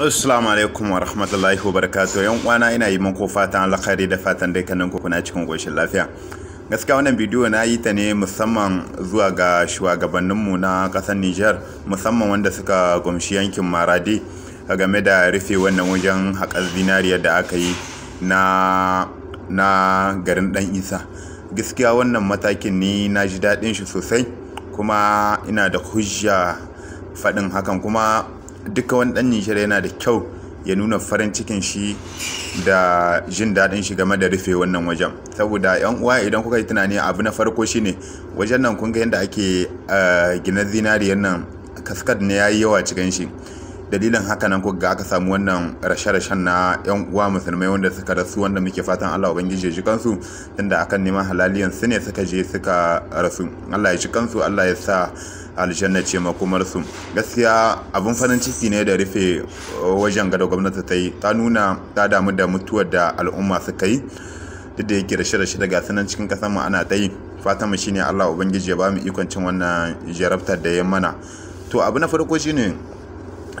Assalamu alaikum wa rahmatullahi wa barakatuh. Yan uwana ina yi muku fatan alkhairi da fatan dai kanin kuna cikin goshin lafiya. Gaskiya wannan bidiyo na yi ta ne musamman zuwa ga shugabanninmu na ƙasar Nijar, musamman wanda suka gumshi yankin Maradi game da rufe wannan wajen haƙar zinariya da aka yi na na garin Dan Isa. Gaskiya wannan matakin ni na ji daɗin shi sosai kuma ina da hujja faɗin hakan kuma duka wani dan nishar yana da kyau ya nuna farin cikin shi da jin daɗin shi game da rufe wannan wajen saboda yan uwa idan kuka yi tunani abu na farko shine wajen nan kun ga yadda ake gina zinariyar nan kaskad ne ya yi yawa cikin shi dalilin haka nan kuka aka samu wannan rashe-rashen na yan uwa musulmai wanda suka rasu wanda muke fatan Allah ubangiji ya ji kansu tunda akan neman halaliyan su ne suka je suka rasu Allah ya ji kansu Allah ya sa aljanna ce makomar su gaskiya abin farin ciki ne da rufe uh, wajen gado gwamnati ta yi ta nuna ta damu da mutuwar da al'umma suka yi duk da yake rashe-rashe daga sunan cikin kasar mu ana ta yi mu shine allah ubangiji ya ba mu ikon cin wannan jarabtar da ya mana to abu na farko shine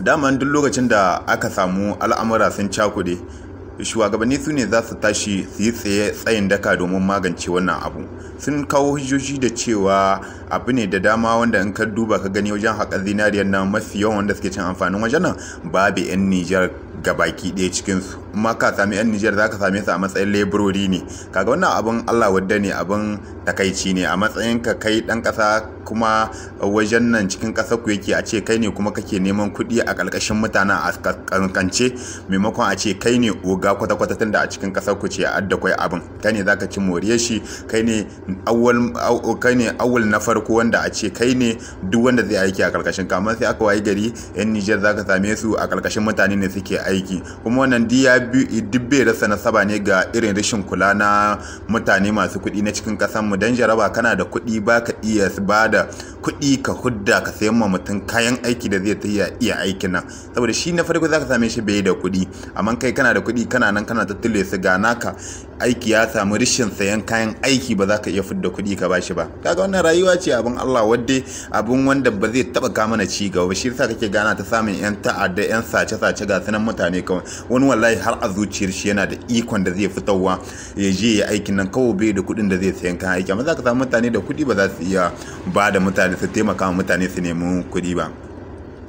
daman duk lokacin da aka samu al'amura sun cakude shugabanni su ne za su tashi su yi tsaye tsayin daka domin magance wannan abu sun kawo hujjoji da cewa abu ne da dama wanda in ka duba ka gani wajen haƙar zinariyar nan mafi yawan wanda suke cin amfanin wajen nan babu 'yan nijar ga baki ɗaya cikinsu amma ka sami 'yan nijar za ka same su a matsayin leburori ne kaga wannan abin allah wadda ne abin takaici ne a matsayin ka kai ɗan ƙasa kuma wajen nan cikin ƙasa ku yake a ce kai ne kuma kake neman kuɗi a ƙarƙashin mutanen a kankance maimakon a ce kai ne oga kwata-kwata tunda a cikin ƙasar ku ce adda kwai abin kai ne ka ci more shi kai ne awwal na farko wanda a ce kai ne duk wanda zai aiki a ƙarƙashin kamar sai aka wayi gari 'yan nijar za ka same su a ƙarƙashin mutane ne suke aiki kuma wannan duk bai rasa nasaba ne ga irin rashin kula na mutane masu kuɗi na cikin ƙasar mu dan jaraba kana da kuɗi ka iya ba da kuɗi ka hudda ka sayan ma mutum kayan aiki da zai iya iya aikin nan saboda shi na farko zaka same shi bai da kuɗi amma kai kana da kuɗi kana nan kana tattule su ga naka aiki ya samu rishin sayan kayan aiki ba za ka iya fidda kuɗi ka bashi ba kaga wannan rayuwa ce abin Allah wadde abin wanda ba zai taba ka mana ci gaba shi yasa kake gana ta samun yan ta'adda yan sace sace ga sanan mutane kawai wani wallahi har a zuciyar shi yana da ikon da zai fitowa ya je ya aikin nan kawai bai da kuɗin da zai sayan kayan aiki amma za ka samu mutane da kuɗi ba za su iya ba da mutane su taimaka mutane su nemi kuɗi ba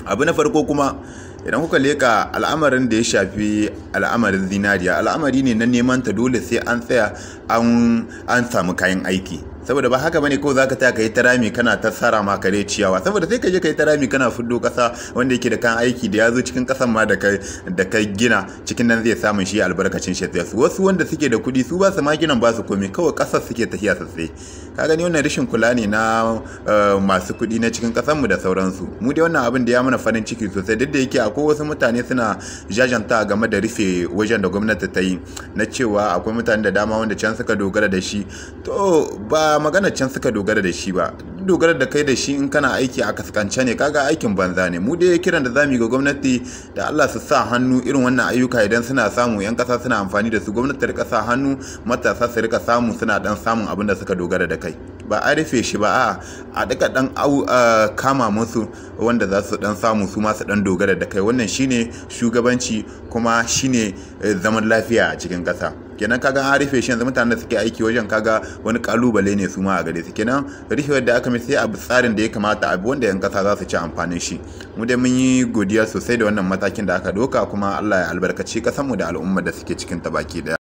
abu na farko kuma idan kuka leka al'amarin da ya shafi al'amarin zinariya al'amari ne na neman ta dole sai an tsaya an samu kayan aiki saboda ba haka bane ko zaka ta kai tarami kana ta tsara ma ciyawa saboda sai ka je kai rami kana fuddo kasa wanda yake da kan aiki da zo cikin kasan ma da kai gina cikin nan zai samu shi albarkacin shi wasu wanda suke da kudi su ba su ma ginan ba su komai kawai kasar suke tafiya sosai ka gani wannan rashin kula ne na eh, masu kuɗi na cikin kasan mu da sauransu mu dai wannan abin da ya mana farin ciki sosai duk da yake akwai wasu mutane suna jajanta game da rufe wajen da gwamnati ta yi na cewa akwai mutane da dama wanda can suka dogara da shi to ba ba magana can suka dogara da shi ba dogara da kai da shi in kana aiki a kaskance ne kaga aikin banza ne mu dai kiran da zamu ga gwamnati da Allah su sa hannu irin wannan ayyuka idan suna samu yan kasa suna amfani da su gwamnati ta rika sa hannu matasa su rika samu suna dan samun abin da suka dogara da kai ba a rufe shi ba a a duka dan kama musu wanda za su dan samu su ma su dan dogara da kai wannan shine shugabanci kuma shine eh, zaman lafiya a cikin kasa kenan kaga an rufe shi yanzu mutanen da suke aiki wajen kaga wani kalubale ne su ma a gare su kenan rufewar da aka mai sai abu tsarin da ya kamata abu wanda yan kasa za su ci amfanin shi mu dai mun yi godiya sosai da wannan matakin da aka doka kuma Allah ya albarkaci mu da al'umma da suke cikin ta baki daya